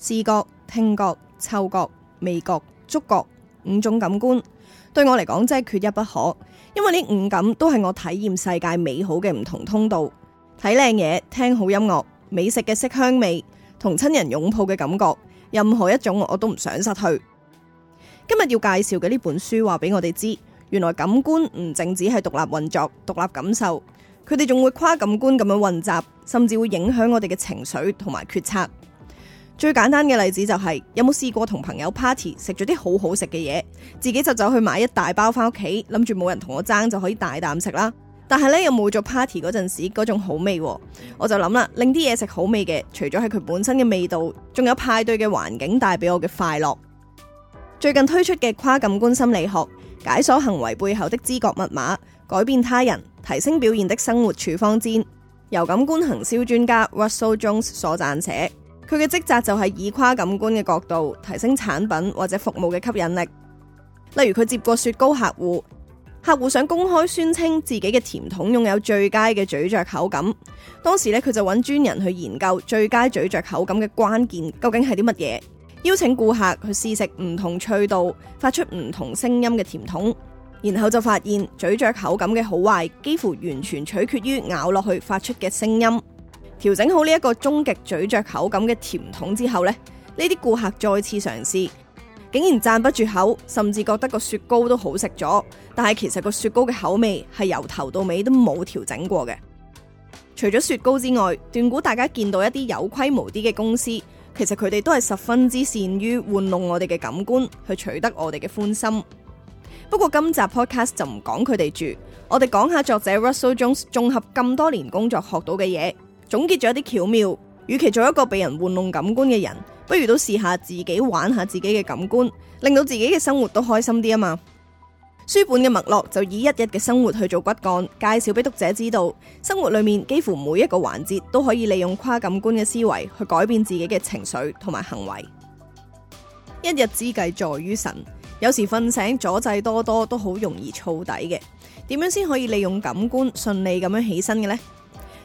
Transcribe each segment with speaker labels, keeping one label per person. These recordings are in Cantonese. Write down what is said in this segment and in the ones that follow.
Speaker 1: 視覺、聽覺、嗅覺、味覺、觸覺五種感官對我嚟講真係缺一不可，因為呢五感都係我體驗世界美好嘅唔同通道。睇靚嘢、聽好音樂、美食嘅色香味、同親人擁抱嘅感覺，任何一種我都唔想失去。今日要介紹嘅呢本書話俾我哋知，原來感官唔淨止係獨立運作、獨立感受，佢哋仲會跨感官咁樣混雜，甚至會影響我哋嘅情緒同埋決策。最簡單嘅例子就係，有冇試過同朋友 party 食咗啲好好食嘅嘢，自己就走去買一大包返屋企，諗住冇人同我爭就可以大啖食啦。但係呢，又冇咗 party 嗰陣時嗰種好味，我就諗啦，令啲嘢食好味嘅，除咗係佢本身嘅味道，仲有派對嘅環境帶俾我嘅快樂。最近推出嘅跨感官心理學，解鎖行為背後的知覺密碼，改變他人提升表現的生活處方箋，由感官行銷專家 Russell Jones 所撰寫。佢嘅職責就係以跨感官嘅角度提升產品或者服務嘅吸引力。例如佢接過雪糕客戶，客戶想公開宣稱自己嘅甜筒擁有最佳嘅咀嚼口感。當時咧佢就揾專人去研究最佳咀嚼口感嘅關鍵究竟係啲乜嘢，邀請顧客去試食唔同脆度、發出唔同聲音嘅甜筒，然後就發現咀嚼口感嘅好壞幾乎完全取決於咬落去發出嘅聲音。調整好呢一個終極咀嚼口感嘅甜筒之後咧，呢啲顧客再次嘗試，竟然讚不絕口，甚至覺得個雪糕都好食咗。但係其實個雪糕嘅口味係由頭到尾都冇調整過嘅。除咗雪糕之外，斷估大家見到一啲有規模啲嘅公司，其實佢哋都係十分之善於玩弄我哋嘅感官，去取得我哋嘅歡心。不過今集 Podcast 就唔講佢哋住，我哋講下作者 Russell Jones 綜合咁多年工作學到嘅嘢。總結咗一啲巧妙，與其做一個被人玩弄感官嘅人，不如都試下自己玩下自己嘅感官，令到自己嘅生活都開心啲啊嘛，書本嘅脈絡就以一日嘅生活去做骨幹，介紹俾讀者知道，生活裏面幾乎每一個環節都可以利用跨感官嘅思維去改變自己嘅情緒同埋行為。一日之計在於晨，有時瞓醒阻滯多多都好容易燥底嘅，點樣先可以利用感官順利咁樣起身嘅呢？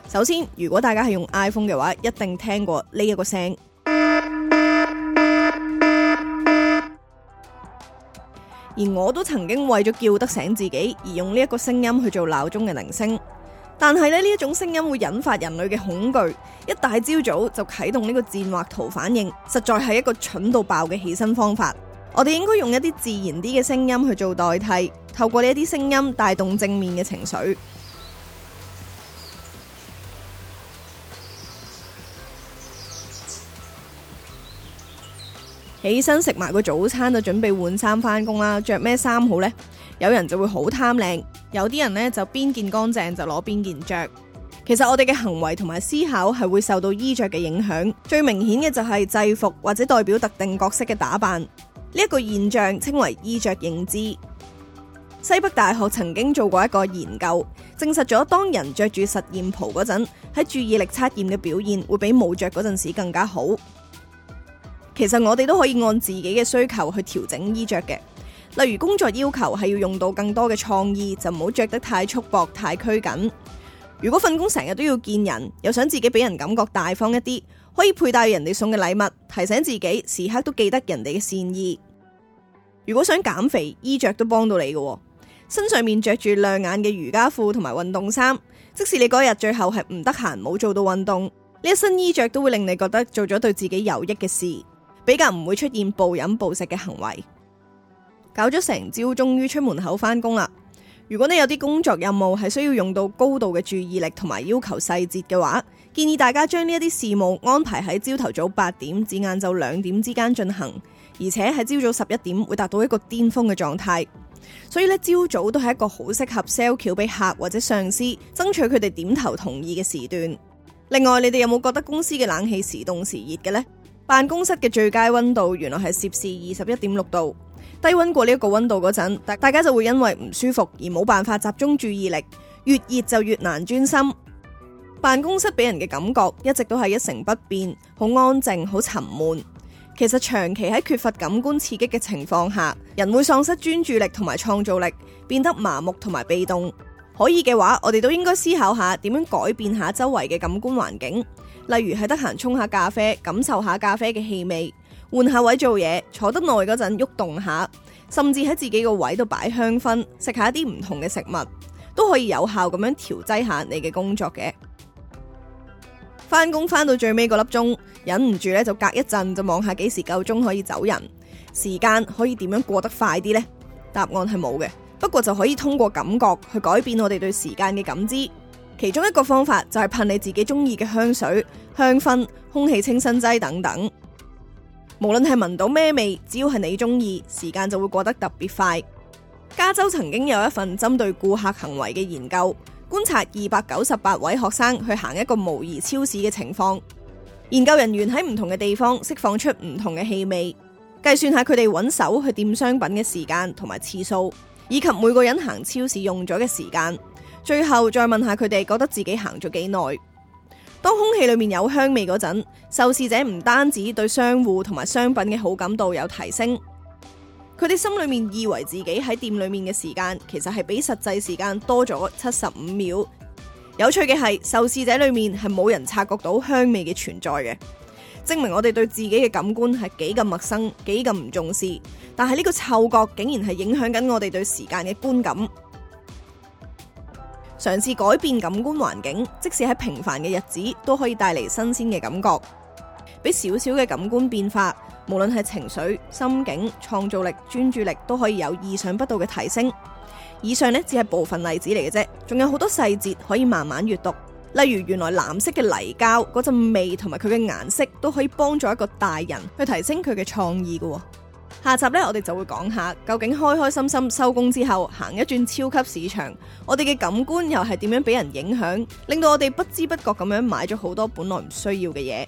Speaker 1: 首先，如果大家係用 iPhone 嘅話，一定聽過呢一個聲。而我都曾經為咗叫得醒自己而用呢一個聲音去做鬧鐘嘅鈴聲，但係咧，呢一種聲音會引發人類嘅恐懼，一大朝早就啟動呢個戰或逃反應，實在係一個蠢到爆嘅起身方法。我哋應該用一啲自然啲嘅聲音去做代替，透過呢一啲聲音帶動正面嘅情緒。起身食埋個早餐就準備換衫返工啦，着咩衫好呢？有人就會好貪靚，有啲人呢就邊件乾淨就攞邊件着。其實我哋嘅行為同埋思考係會受到衣着嘅影響，最明顯嘅就係制服或者代表特定角色嘅打扮。呢一個現象稱為衣着認知。西北大學曾經做過一個研究，證實咗當人着住實驗袍嗰陣，喺注意力測驗嘅表現會比冇着嗰陣時更加好。其實我哋都可以按自己嘅需求去調整衣着嘅，例如工作要求係要用到更多嘅創意，就唔好着得太束縛、太拘謹。如果份工成日都要見人，又想自己俾人感覺大方一啲，可以佩戴人哋送嘅禮物，提醒自己時刻都記得人哋嘅善意。如果想減肥，衣着都幫到你嘅。身上面着住亮眼嘅瑜伽褲同埋運動衫，即使你嗰日最後係唔得閒冇做到運動，呢一身衣着都會令你覺得做咗對自己有益嘅事。比較唔會出現暴飲暴食嘅行為。搞咗成朝，終於出門口返工啦。如果你有啲工作任務係需要用到高度嘅注意力同埋要求細節嘅話，建議大家將呢一啲事務安排喺朝頭早八點至晏晝兩點之間進行，而且喺朝早十一點會達到一個巔峰嘅狀態。所以咧，朝早都係一個好適合 sell 橋俾客或者上司爭取佢哋點頭同意嘅時段。另外，你哋有冇覺得公司嘅冷氣時凍時熱嘅呢？辦公室嘅最佳溫度原來係攝氏二十一點六度，低溫過呢一個溫度嗰陣，大大家就會因為唔舒服而冇辦法集中注意力，越熱就越難專心。辦公室俾人嘅感覺一直都係一成不變，好安靜，好沉悶。其實長期喺缺乏感官刺激嘅情況下，人會喪失專注力同埋創造力，變得麻木同埋被動。可以嘅話，我哋都應該思考下點樣改變下周圍嘅感官環境。例如係得閒沖下咖啡，感受下咖啡嘅氣味；換下位做嘢，坐得耐嗰陣喐動下，甚至喺自己個位度擺香薰，食下一啲唔同嘅食物，都可以有效咁樣調劑下你嘅工作嘅。翻工翻到最尾嗰粒鐘，忍唔住咧就隔一陣就望下幾時夠鐘可以走人，時間可以點樣過得快啲呢？答案係冇嘅，不過就可以通過感覺去改變我哋對時間嘅感知。其中一個方法就係噴你自己中意嘅香水、香薰、空氣清新劑等等。無論係聞到咩味，只要係你中意，時間就會過得特別快。加州曾經有一份針對顧客行為嘅研究，觀察二百九十八位學生去行一個模擬超市嘅情況。研究人員喺唔同嘅地方釋放出唔同嘅氣味，計算下佢哋揾手去掂商品嘅時間同埋次數，以及每個人行超市用咗嘅時間。最後再問下佢哋覺得自己行咗幾耐？當空氣裏面有香味嗰陣，受試者唔單止對商戶同埋商品嘅好感度有提升，佢哋心裏面以為自己喺店裏面嘅時間其實係比實際時間多咗七十五秒。有趣嘅係，受試者裏面係冇人察覺到香味嘅存在嘅，證明我哋對自己嘅感官係幾咁陌生，幾咁唔重視。但係呢個嗅覺竟然係影響緊我哋對時間嘅觀感。嘗試改變感官環境，即使喺平凡嘅日子都可以帶嚟新鮮嘅感覺，俾少少嘅感官變化，無論係情緒、心境、創造力、專注力都可以有意想不到嘅提升。以上呢，只係部分例子嚟嘅啫，仲有好多細節可以慢慢閱讀。例如原來藍色嘅泥膠嗰陣味同埋佢嘅顏色都可以幫助一個大人去提升佢嘅創意嘅。下集呢，我哋就會講下究竟開開心心收工之後行一轉超級市場，我哋嘅感官又係點樣俾人影響，令到我哋不知不覺咁樣買咗好多本來唔需要嘅嘢。